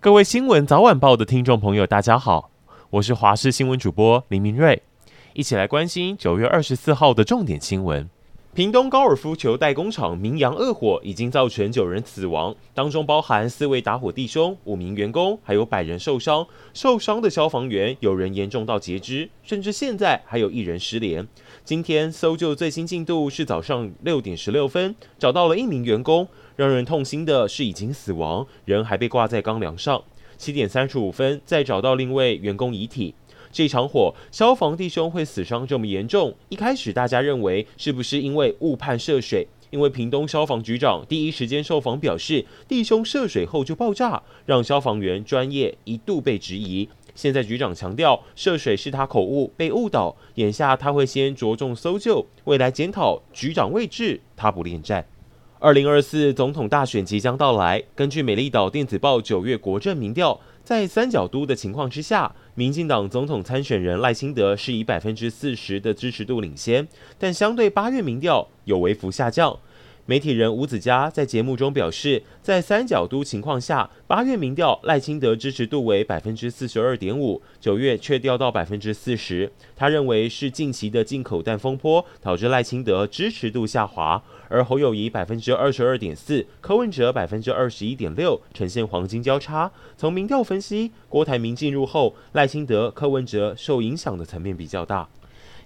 各位《新聞早晚報》的聽眾朋友，大家好，我是華視新聞主播林明瑞，一起來關心九月二十四號的重點新聞。屏東高爾夫球代工廠明揚惡火已經造成九人死亡，當中包含四位打火弟兄、五名員工，還有百人受傷。受傷的消防員有人嚴重到截肢，甚至現在還有一人失聯。今天搜救最新進度是早上六點十六分找到了一名員工，讓人痛心的是已經死亡，人還被掛在鋼梁上。七點三十五分再找到另一位員工遺體。這場火，消防弟兄會死傷這麼嚴重？一開始大家認為是不是因為誤判射水？因為屏東消防局長第一時間受訪表示，弟兄射水後就爆炸，讓消防員專業一度被質疑。現在局長強調，射水是他口誤被誤導，眼下他會先着重搜救，未來檢討局長位置，他不戀棧。二零二四總統大選即將到來，根據美麗島電子報九月國政民調，在三角都的情況之下，民進黨總統參選人賴清德是以百分之四十的支持度領先，但相對八月民調有微幅下降。媒體人吳子嘉在節目中表示，在三角都情況下，八月民調賴清德支持度為百分之四十二點五，九月卻掉到百分之四十。他認為是近期的進口蛋風波導致賴清德支持度下滑，而侯友宜百分之二十二點四，柯文哲百分之二十一點六，呈現黃金交叉。從民調分析，郭台銘進入後，賴清德、柯文哲受影響的層面比較大。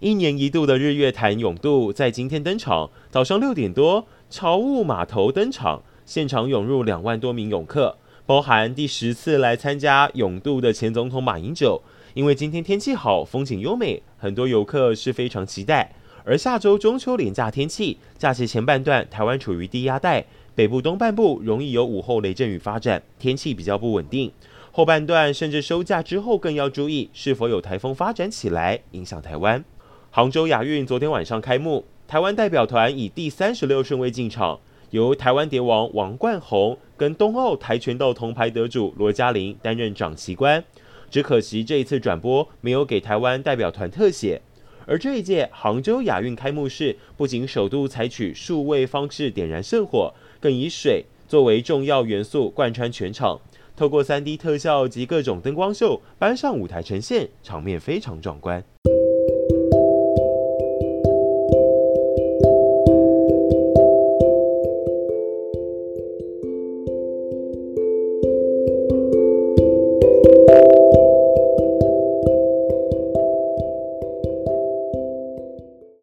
一年一度的日月潭泳渡在今天登場，早上六點多，朝霧碼頭登場，現場湧入兩萬多名泳客，包含第十次來參加泳渡的前總統馬英九。因為今天天氣好，風景優美，很多遊客是非常期待。而下周中秋連假天氣，假期前半段台灣處於低壓帶，北部東半部容易有午後雷陣雨發展，天氣比較不穩定；後半段甚至收假之後更要注意是否有台風發展起來，影響台灣。杭州亞運昨天晚上開幕，台灣代表團以第三十六順位進場，由台灣蝶王王冠閎跟東奧跆拳道銅牌得主羅嘉翎擔任掌旗官。只可惜這一次轉播沒有給台灣代表團特寫。而這一屆杭州亞運開幕式不僅首度採取數位方式點燃聖火，更以水作為重要元素貫穿全場，透過 3D 特效及各種燈光秀搬上舞台呈現，場面非常壯觀。